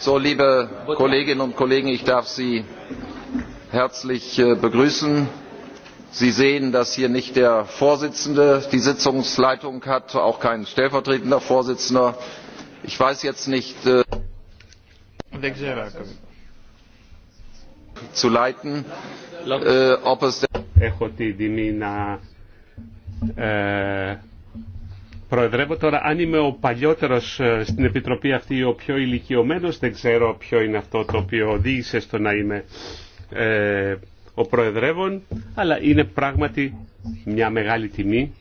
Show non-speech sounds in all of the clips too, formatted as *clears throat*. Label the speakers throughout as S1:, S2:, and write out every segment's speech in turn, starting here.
S1: So, liebe Kolleginnen und Kollegen, ich darf Sie herzlich begrüßen. Sie sehen, dass hier nicht der Vorsitzende die Sitzungsleitung hat, auch kein stellvertretender Vorsitzender. Ich weiß jetzt nicht zu leiten, ob es προεδρεύω τώρα. Αν είμαι ο παλιότερο ε, στην Επιτροπή αυτή, ο πιο ηλικιωμένο, δεν ξέρω ποιο είναι αυτό το οποίο οδήγησε στο να είμαι ε, ο προεδρεύων, αλλά είναι πράγματι μια μεγάλη τιμή,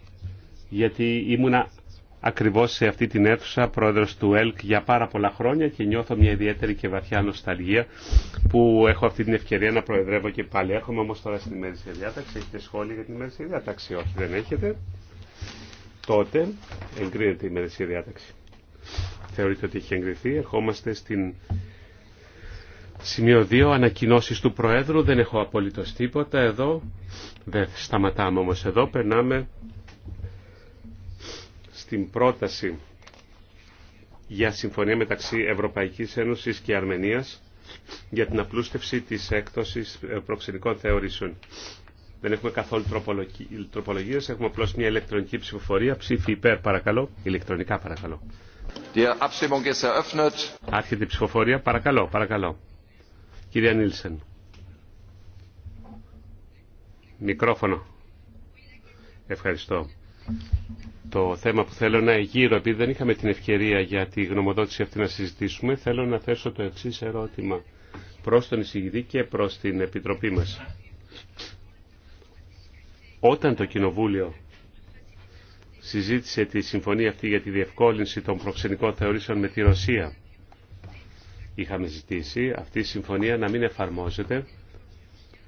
S1: γιατί ήμουνα ακριβώ σε αυτή την αίθουσα πρόεδρο του ΕΛΚ για πάρα πολλά χρόνια και νιώθω μια ιδιαίτερη και βαθιά νοσταλγία που έχω αυτή την ευκαιρία να προεδρεύω και πάλι. Έχουμε όμω τώρα στην ημέρηση διάταξη. Έχετε σχόλια για την ημέρηση διάταξη. Όχι, δεν έχετε τότε εγκρίνεται η ημερησία διάταξη. Θεωρείται ότι έχει εγκριθεί. Ερχόμαστε στην σημείο 2, ανακοινώσει του Προέδρου. Δεν έχω απολύτω τίποτα εδώ. Δεν σταματάμε όμω εδώ. Περνάμε στην πρόταση για συμφωνία μεταξύ Ευρωπαϊκής Ένωσης και Αρμενίας για την απλούστευση της έκδοση προξενικών θεωρήσεων. Δεν έχουμε καθόλου τροπολογίε, έχουμε απλώ μια ηλεκτρονική ψηφοφορία. Ψήφι υπέρ παρακαλώ, ηλεκτρονικά παρακαλώ. Άρχεται η ψηφοφορία, παρακαλώ, παρακαλώ. Κυρία Νίλσεν. Μικρόφωνο. Ευχαριστώ. Το θέμα που θέλω να εγείρω, επειδή δεν είχαμε την ευκαιρία για τη γνωμοδότηση αυτή να συζητήσουμε, θέλω να θέσω το εξή ερώτημα προς τον εισηγητή και προς την Επιτροπή μας. Όταν το Κοινοβούλιο συζήτησε τη συμφωνία αυτή για τη διευκόλυνση των προξενικών θεωρήσεων με τη Ρωσία, είχαμε ζητήσει αυτή η συμφωνία να μην εφαρμόζεται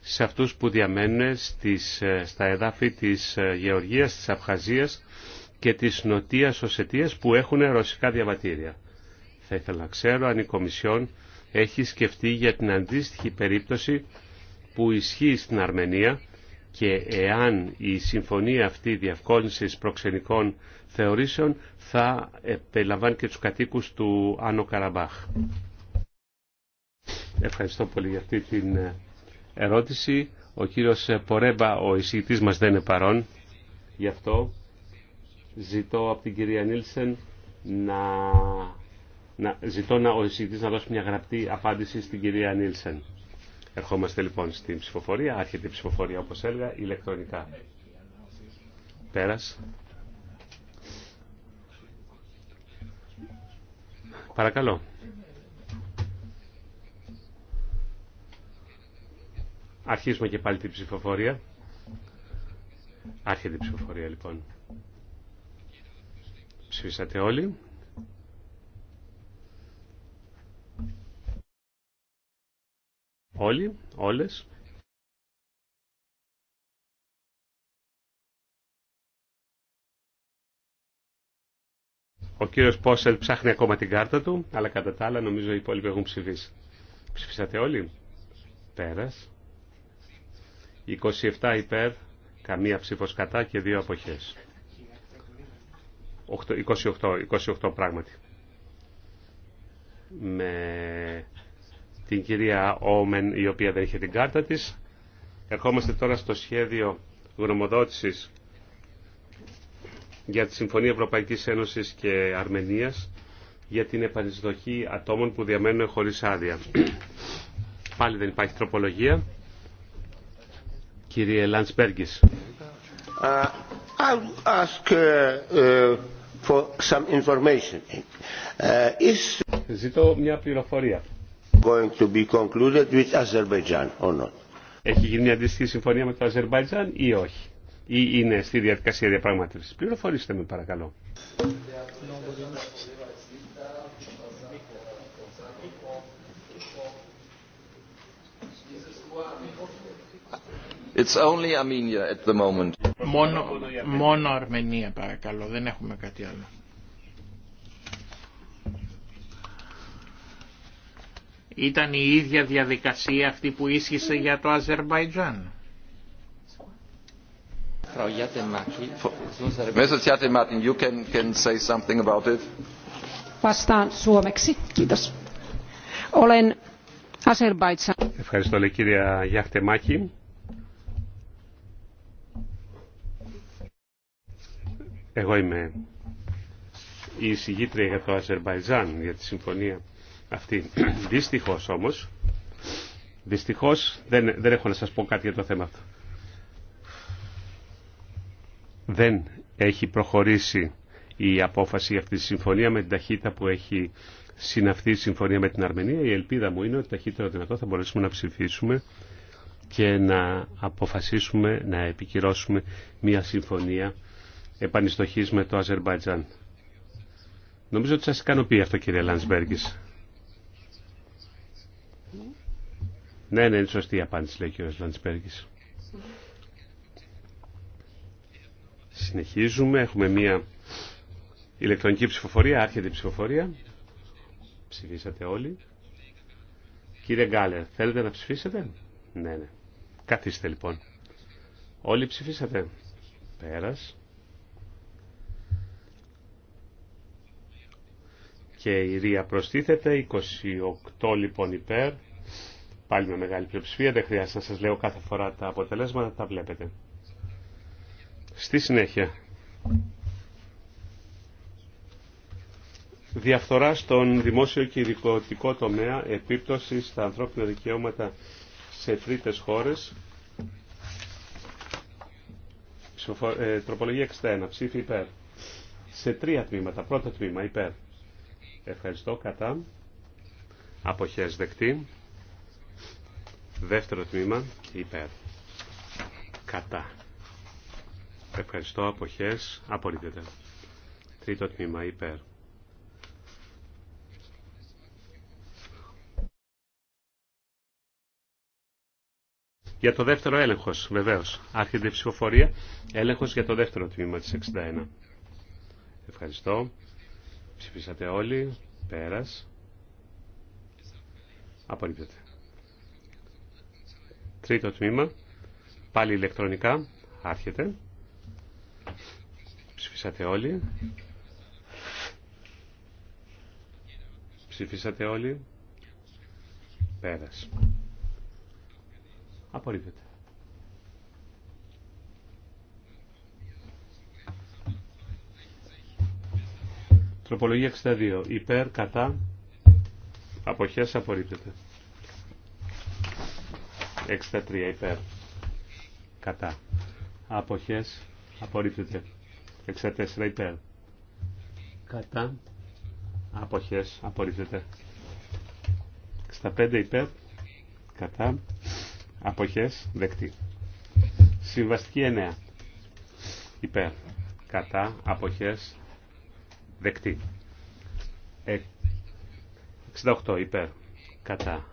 S1: σε αυτούς που διαμένουν στις, στα εδάφη της Γεωργίας, της αυχαζίας και της Νοτίας Οσετίας που έχουν ρωσικά διαβατήρια. Θα ήθελα να ξέρω αν η Κομισιόν έχει σκεφτεί για την αντίστοιχη περίπτωση που ισχύει στην Αρμενία και εάν η συμφωνία αυτή διευκόλυνσης προξενικών θεωρήσεων θα περιλαμβάνει και τους κατοίκους του Άνω Καραμπάχ. Ευχαριστώ πολύ για αυτή την ερώτηση. Ο κύριος Πορέμπα, ο εισηγητής μας δεν είναι παρόν. Γι' αυτό ζητώ από την κυρία Νίλσεν να... να... ζητώ να, ο εισηγητής να δώσει μια γραπτή απάντηση στην κυρία Νίλσεν. Ερχόμαστε λοιπόν στην ψηφοφορία. Άρχεται η ψηφοφορία όπως έλεγα ηλεκτρονικά. Πέρας. Παρακαλώ. Αρχίζουμε και πάλι την ψηφοφορία. Άρχεται η ψηφοφορία λοιπόν. Ψηφίσατε όλοι. Όλοι, όλες. Ο κύριος Πόσελ ψάχνει ακόμα την κάρτα του, αλλά κατά τα άλλα νομίζω οι υπόλοιποι έχουν ψηφίσει. Ψηφίσατε όλοι. Πέρας. 27 υπέρ, καμία ψήφος κατά και δύο αποχές. 28, 28 πράγματι. Με την κυρία Όμεν η οποία δεν είχε την κάρτα της. Ερχόμαστε τώρα στο σχέδιο γνωμοδότησης για τη Συμφωνία Ευρωπαϊκής Ένωσης και Αρμενίας για την επανεισδοχή ατόμων που διαμένουν χωρίς άδεια. *clears throat* Πάλι δεν υπάρχει τροπολογία. Κύριε Λαντσπέργκης. Uh, uh, uh, for some information. is... Ζητώ μια πληροφορία. Έχει γίνει μια αντίστοιχη συμφωνία με το Αζερβαϊτζάν ή όχι. Ή είναι στη διαδικασία διαπραγμάτευσης. Πληροφορήστε με παρακαλώ. It's only Armenia at the moment. μόνο Αρμενία παρακαλώ, δεν έχουμε κάτι άλλο. Ήταν η ίδια διαδικασία αυτή που ίσχυσε για το Αζερβαϊτζάν. Ευχαριστώ, λέει κυρία Γιάχτεμάκη. Εγώ είμαι η εισηγήτρια για το Αζερβαϊτζάν, για τη συμφωνία αυτή. Δυστυχώ όμως, Δυστυχώ, δεν, δεν έχω να σας πω κάτι για το θέμα αυτό. Δεν έχει προχωρήσει η απόφαση αυτή τη συμφωνία με την ταχύτητα που έχει συναυθεί η συμφωνία με την Αρμενία. Η ελπίδα μου είναι ότι ταχύτερα δυνατό θα μπορέσουμε να ψηφίσουμε και να αποφασίσουμε να επικυρώσουμε μια συμφωνία επανιστοχής με το Αζερμπαϊτζάν. Νομίζω ότι σας ικανοποιεί αυτό κύριε Λανσμπέργκης. Ναι, ναι, είναι σωστή η απάντηση, λέει ο κύριος Λαντσπέργης. Συνεχίζουμε, έχουμε μία ηλεκτρονική ψηφοφορία, άρχεται η ψηφοφορία. Ψηφίσατε όλοι. Κύριε Γκάλερ, θέλετε να ψηφίσετε. Ναι, ναι. Καθίστε λοιπόν. Όλοι ψηφίσατε. Πέρας. Και η Ρία προστίθεται, 28 λοιπόν υπέρ, πάλι με μεγάλη πλειοψηφία. Δεν χρειάζεται να σας λέω κάθε φορά τα αποτελέσματα, τα βλέπετε. Στη συνέχεια. Διαφθορά στον δημόσιο και ειδικοτικό τομέα, επίπτωση στα ανθρώπινα δικαιώματα σε τρίτες χώρες. Ε, τροπολογία 61, ψήφι υπέρ. Σε τρία τμήματα. Πρώτο τμήμα υπέρ. Ευχαριστώ, κατά. Αποχές δεκτή. Δεύτερο τμήμα, υπέρ. Κατά. Ευχαριστώ, αποχές, απορρίπτεται. Τρίτο τμήμα, υπέρ. Για το δεύτερο έλεγχος, βεβαίως. Άρχεται η ψηφοφορία. Έλεγχος για το δεύτερο τμήμα της 61. Ευχαριστώ. Ψηφίσατε όλοι. Πέρας. Απορρίπτεται τρίτο τμήμα, πάλι ηλεκτρονικά, άρχεται. Ψηφίσατε όλοι. Ψηφίσατε όλοι. Πέρας. Απορρίπτεται. Τροπολογία 62. Υπέρ, κατά, αποχές απορρίπτεται. 63 υπέρ. Κατά. Αποχές. Απορρίπτεται. 64 υπέρ. Κατά. Αποχές. Απορρίπτεται. 65 υπέρ. Κατά. Αποχές. Δεκτή. Συμβαστική 9. Υπέρ. Κατά. Αποχές. Δεκτή. 68 ε, υπέρ. Κατά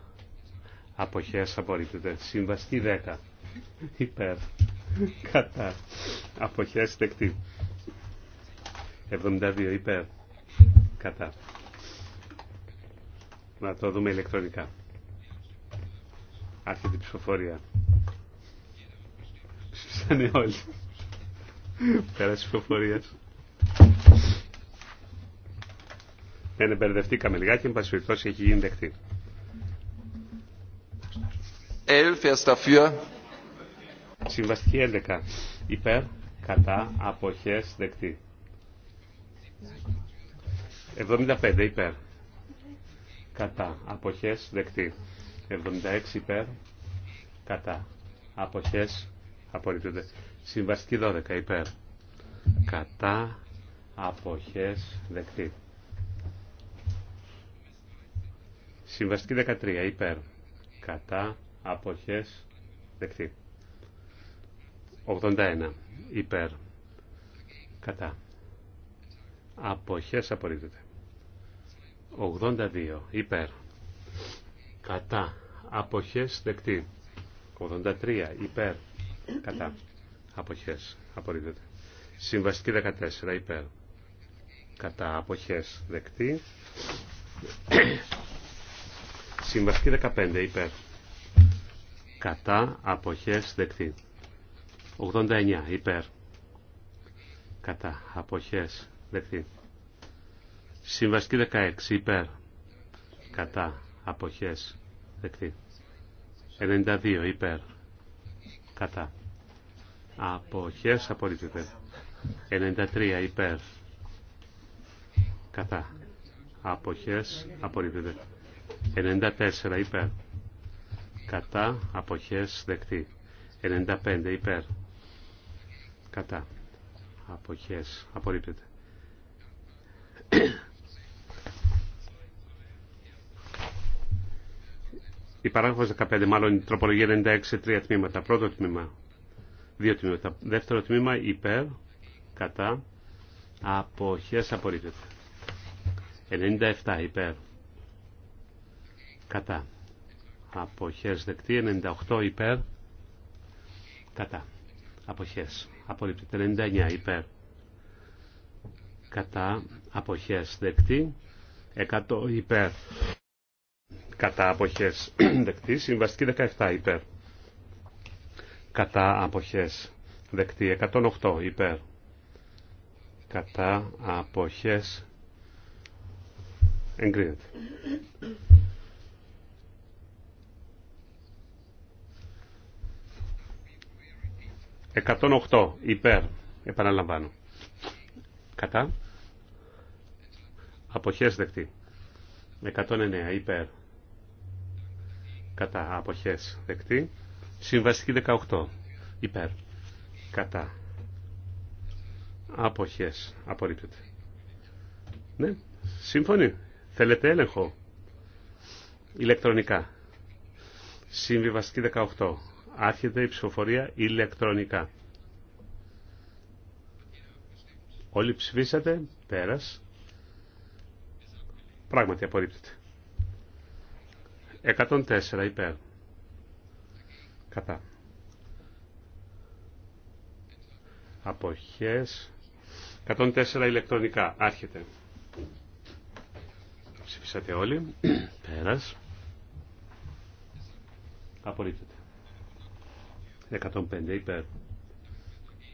S1: αποχές απορρίπτεται. Συμβαστή 10 υπέρ κατά αποχές δεκτή. 72 υπέρ κατά. Να το δούμε ηλεκτρονικά. Άρχεται η ψηφοφορία. Ψηφίσανε όλοι. Πέρα της ψηφοφορίας. Δεν ναι, εμπερδευτήκαμε ναι, λιγάκι, εν πάση έχει γίνει δεκτή. Συμβαστική 11. Υπέρ, κατά, αποχές, δεκτή. 75 υπέρ. Κατά, αποχές, δεκτή. 76 υπέρ, κατά, αποχές, απορρίπτονται. Συμβαστική 12 υπέρ. Κατά, αποχές, δεκτή. Συμβαστική 13 υπέρ. Κατά, αποχές δεκτή 81 υπέρ κατά αποχές απορρίπτεται 82 υπέρ κατά αποχές δεκτή 83 υπέρ κατά αποχές απορρίπτεται συμβαστική 14 υπέρ κατά αποχές δεκτή συμβαστική 15 υπέρ κατά αποχές δεκτή. 89 υπέρ κατά αποχές δεκτή. Συμβαστική 16 υπέρ κατά αποχές δεκτή. 92 υπέρ κατά αποχές απορρίπτεται. 93 υπέρ κατά αποχές απορρίπτεται. 94 υπέρ κατά αποχές δεκτή 95 υπέρ κατά αποχές απορρίπτεται η παράγραφος 15 μάλλον η τροπολογία 96 τρία τμήματα πρώτο τμήμα δύο τμήματα δεύτερο τμήμα υπέρ κατά αποχές απορρίπτεται 97 υπέρ κατά αποχές δεκτή 98 υπέρ κατά αποχές απορρίπτεται 99 υπέρ κατά αποχές δεκτή 100 *clears throat* υπέρ κατά αποχές δεκτή συμβαστική 17 υπέρ κατά αποχές δεκτή 108 υπέρ κατά αποχές εγκρίνεται 108 υπέρ, επαναλαμβάνω. Κατά. Αποχές δεκτή. 109 υπέρ. Κατά. Αποχές δεκτή. Συμβαστική 18 υπέρ. Κατά. Αποχές. Απορρίπτεται. Ναι. Σύμφωνοι. Θέλετε έλεγχο. Ηλεκτρονικά. Συμβιβαστική 18. Άρχεται η ψηφοφορία ηλεκτρονικά. Όλοι ψηφίσατε. Πέρας. Πράγματι απορρίπτεται. 104 υπέρ. Κατά. Αποχές. 104 ηλεκτρονικά. Άρχεται. Ψηφίσατε όλοι. Πέρας. Απορρίπτεται. 105 υπέρ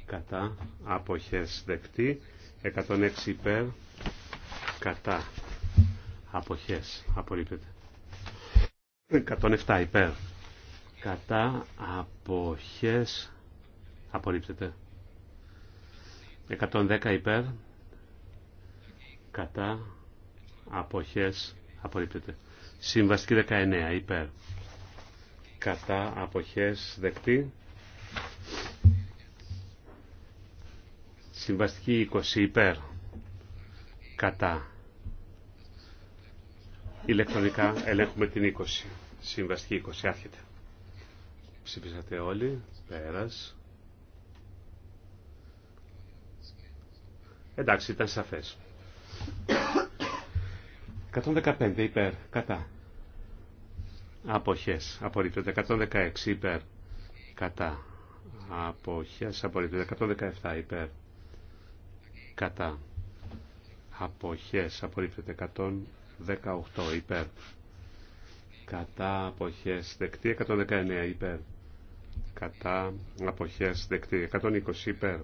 S1: κατά αποχές δεκτή 106 υπέρ κατά αποχές απορρίπτεται 107 υπέρ κατά αποχές απορρίπτεται 110 υπέρ κατά αποχές απορρίπτεται συμβαστική 19 υπέρ κατά αποχές δεκτή Συμβαστική 20 υπέρ. Κατά. Ηλεκτρονικά ελέγχουμε την 20. Συμβαστική 20 άρχεται. Ψηφίσατε όλοι. Πέρας. Εντάξει, ήταν σαφές. 115 υπέρ. Κατά. Αποχές. Απορρίπτεται. 116 υπέρ. Κατά αποχές απορρίπτεται 117 υπέρ κατά αποχές απορρίπτεται 118 υπέρ κατά αποχές δεκτή 119 υπέρ κατά αποχές δεκτή 120 υπέρ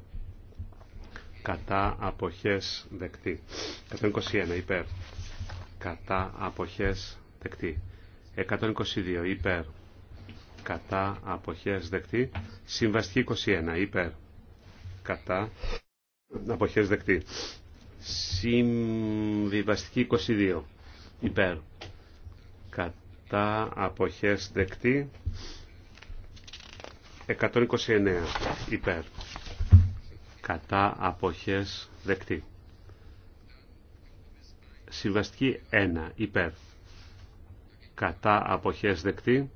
S1: κατά αποχές δεκτή 121 υπέρ κατά αποχές δεκτή 122 υπέρ κατά αποχές δεκτή. Συμβαστική 21 υπέρ κατά αποχές δεκτή. Συμβιβαστική 22 υπέρ κατά αποχές δεκτή. 129 υπέρ κατά αποχές δεκτή. Συμβαστική 1 υπέρ κατά αποχές δεκτή.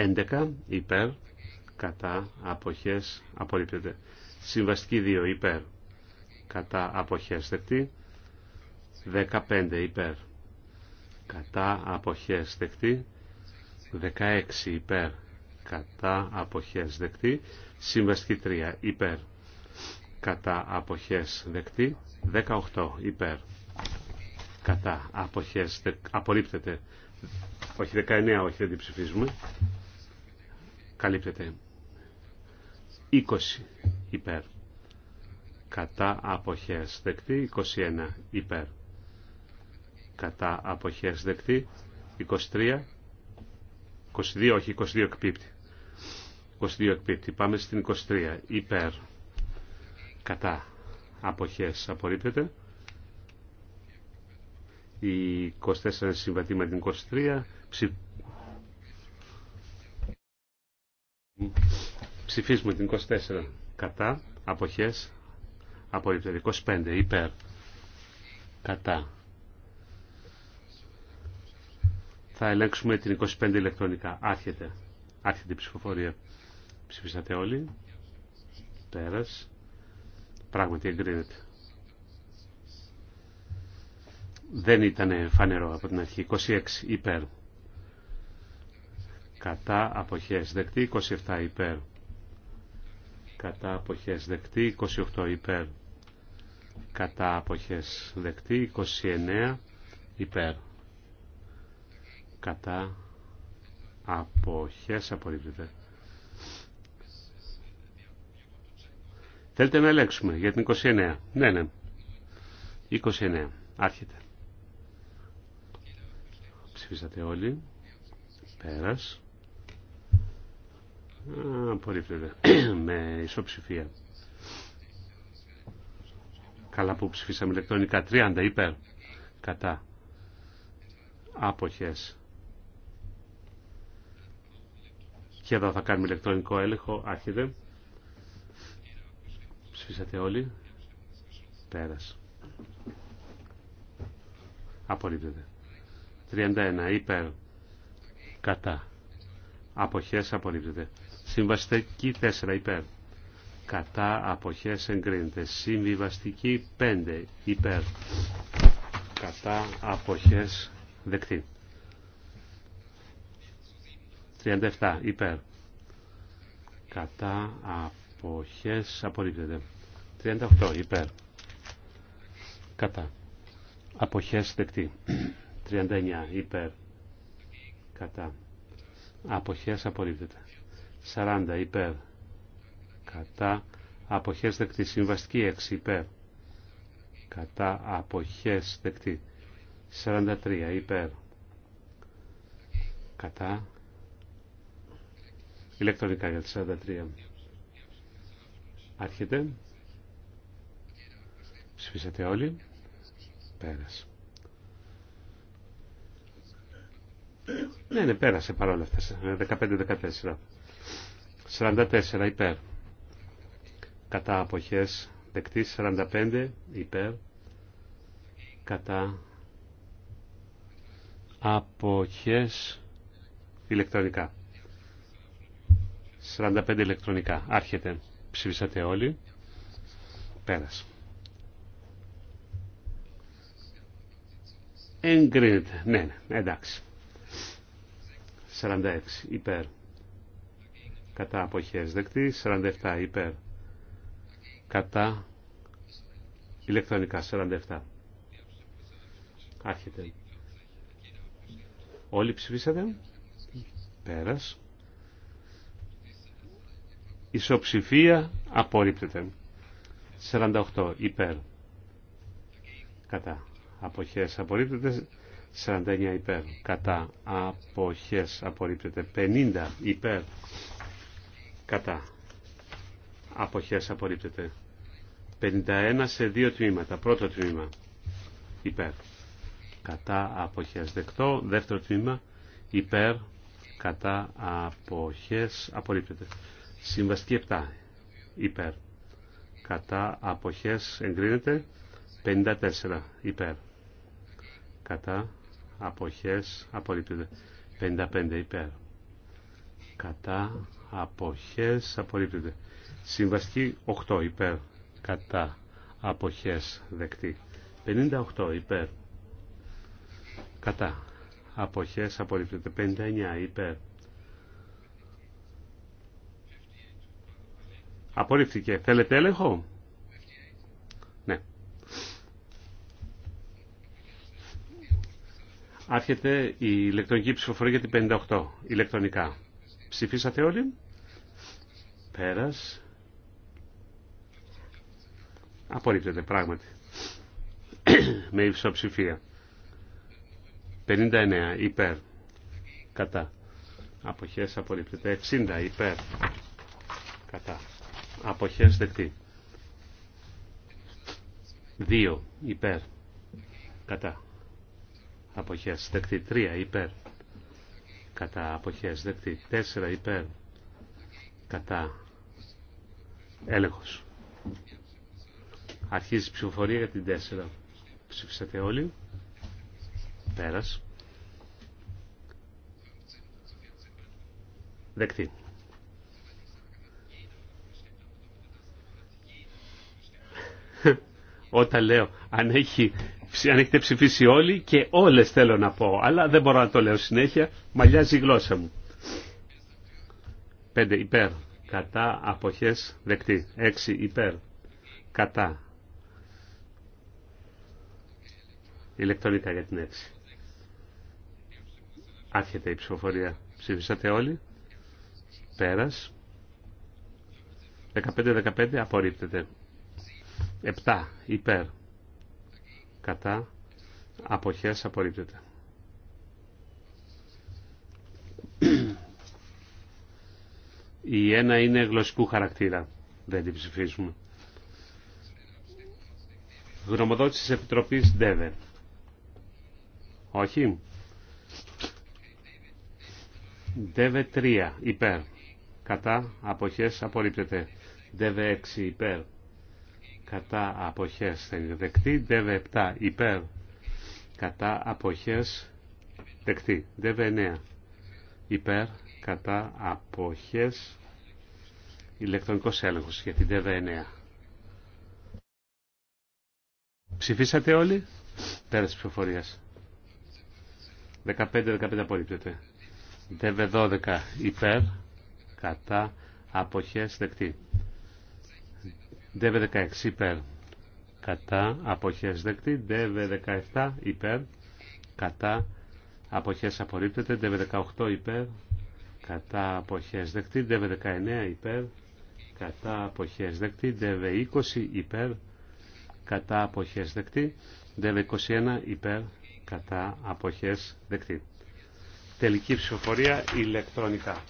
S1: 11 υπέρ κατά αποχές απορρίπτεται. Συμβαστική 2 υπέρ κατά αποχές δεκτή. 15 υπέρ κατά αποχές δεκτή. 16 υπέρ κατά αποχές δεκτή. Συμβαστική 3 υπέρ κατά αποχές δεκτή. 18 υπέρ κατά αποχές απορρίπτεται. Όχι 19, όχι δεν την ψηφίζουμε καλύπτεται. 20 υπέρ. Κατά αποχές δεκτή. 21 υπέρ. Κατά αποχές δεκτή. 23. 22 όχι. 22 εκπίπτει. 22 εκπίπτει. Πάμε στην 23. Υπέρ. Κατά αποχές απορρίπτεται. Η 24 συμβατή με την 23. Ψηφίσουμε την 24. Κατά. Αποχές. Απορρίπτεται. 5 Υπέρ. Κατά. Θα ελέγξουμε την 25 ηλεκτρονικά. Άρχεται. Άρχεται η ψηφοφορία. Ψηφίσατε όλοι. Πέρας. Πράγματι εγκρίνεται. Δεν ήταν φανερό από την αρχή. 26 υπέρ κατά αποχές δεκτή 27 υπέρ κατά αποχές δεκτή 28 υπέρ κατά αποχές δεκτή 29 υπέρ κατά αποχές απορρίπτεται Θέλετε να ελέγξουμε για την 29. Ναι, ναι. 29. Άρχεται. Ψηφίσατε όλοι. Πέρας. Απορρίπτεται. *coughs* Με ισοψηφία. Καλά που ψηφίσαμε ηλεκτρονικά. 30 υπέρ. Κατά. Άποχες. Και εδώ θα κάνουμε ηλεκτρονικό έλεγχο. Άρχιδε. Ψηφίσατε όλοι. Πέρας. Απορρίπτεται. 31 υπέρ. Κατά. Αποχές απορρίπτεται. Συμβαστική 4 υπέρ. Κατά αποχές εγκρίνεται. Συμβιβαστική 5 υπέρ. Κατά αποχές δεκτή. 37 υπέρ. Κατά αποχές απορρίπτεται. 38 υπέρ. Κατά. Αποχές δεκτή. 39 υπέρ. Κατά. Αποχές απορρίπτεται. 40 υπέρ κατά αποχές δεκτή συμβαστική 6 υπέρ κατά αποχές δεκτή 43 υπέρ κατά ηλεκτρονικά για τη 43 άρχεται ψηφίσατε όλοι πέρασε Ναι, ναι, πέρασε παρόλα αυτά. 15-14. 44 ναι, υπέρ. Κατά αποχές δεκτής. 45 υπέρ. Κατά αποχές ηλεκτρονικά. 45 ηλεκτρονικά. Άρχεται. Ψηφίσατε όλοι. Πέρασε. Εγκρίνεται. Ναι, ναι, εντάξει. 46 υπέρ κατά αποχές δεκτή 47 υπέρ κατά ηλεκτρονικά 47 άρχεται όλοι ψηφίσατε πέρας ισοψηφία απορρίπτεται 48 υπέρ κατά αποχές απορρίπτεται 49 υπέρ κατά αποχές απορρίπτεται 50 υπέρ κατά αποχές απορρίπτεται 51 σε δύο τμήματα πρώτο τμήμα υπέρ κατά αποχές δεκτό δεύτερο τμήμα υπέρ κατά αποχές απορρίπτεται συμβαστική 7 υπέρ κατά αποχές εγκρίνεται 54 υπέρ κατά αποχές απορρίπτεται 55 υπέρ κατά αποχές απορρίπτεται συμβαστική 8 υπέρ κατά αποχές δεκτή 58 υπέρ κατά αποχές απορρίπτεται 59 υπέρ απορρίφθηκε θέλετε έλεγχο Άρχεται η ηλεκτρονική ψηφοφορία για την 58, ηλεκτρονικά. Ψηφίσατε όλοι. Πέρας. Απορρίπτεται, πράγματι. *coughs* Με υψοψηφία. 59, υπέρ. Κατά. Αποχές απορρίπτεται. 60, υπέρ. Κατά. Αποχές δεκτή. 2, υπέρ. Κατά αποχές δεκτή τρία υπέρ κατά αποχές δεκτή τέσσερα υπέρ κατά έλεγχος αρχίζει η ψηφοφορία για την τέσσερα. ψήφισατε όλοι πέρας δεκτή *laughs* όταν λέω αν έχει αν έχετε ψηφίσει όλοι και όλε θέλω να πω, αλλά δεν μπορώ να το λέω συνέχεια, μαλλιάζει η γλώσσα μου. 5 υπέρ, κατά, αποχές, δεκτή. 6 υπέρ, κατά. Ηλεκτρονικά για την 6. Άρχεται η ψηφοφορία. Ψήφισατε Πέρα. Πέρας. 15-15 απορρίπτεται. 7 υπέρ κατά αποχές απορρίπτεται. Η ένα είναι γλωσσικού χαρακτήρα. Δεν την ψηφίζουμε. Γνωμοδότηση της Επιτροπής ΔΕΒΕ. Όχι. ΔΕΒΕ 3 υπέρ. Κατά αποχές απορρίπτεται. ΔΕΒΕ 6 υπέρ κατά αποχές δεκτή, ΔΕΒΕ 7 υπέρ κατά αποχές δεκτή, ΔΕΒΕ 9 υπέρ κατά αποχές ηλεκτρονικός έλεγχος για την ΔΕΒΕ 9. Ψηφίσατε όλοι, πέρα της ψηφοφορίας. 15-15 απορρίπτεται. ΔΕΒΕ 12 υπέρ κατά αποχές δεκτή. ΔΕΒΕ 16 υπέρ κατά αποχές δεκτή, ΔΕΒΕ 17 υπέρ κατά αποχές απορρίπτεται, ΔΕΒΕ 18 υπέρ κατά αποχές δεκτή, ΔΕΒΕ 19 υπέρ κατά αποχές δεκτή, ΔΕΒΕ 20 υπέρ κατά αποχές δεκτή, ΔΕΒΕ 21 υπέρ κατά αποχές δεκτή. Τελική ψηφοφορία ηλεκτρονικά.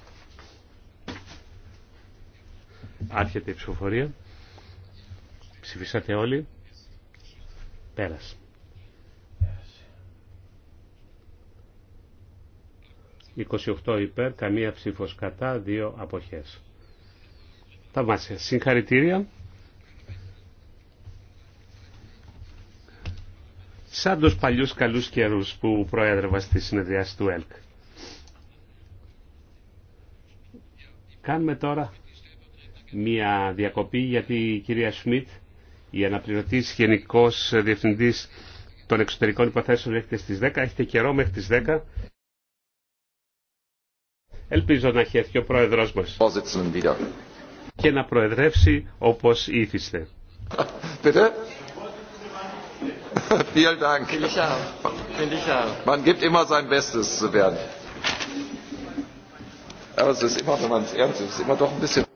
S1: Άρχεται η ψηφοφορία. Ψηφίσατε όλοι. Πέρας. 28 υπέρ, καμία ψήφος κατά, δύο αποχές. Ταυμάσια. Συγχαρητήρια. Σαν τους παλιούς καλούς καιρούς που προέδρευα στη συνεδριάση του ΕΛΚ. Κάνουμε τώρα μία διακοπή γιατί η κυρία Σμιτ η αναπληρωτή, γενικό διευθυντή των εξωτερικών υποθέσεων έρχεται στι 10. Έχετε καιρό μέχρι τι 10. Ελπίζω να έχει έρθει ο πρόεδρο μα. και να προεδρεύσει όπω ήθιστε. Vielen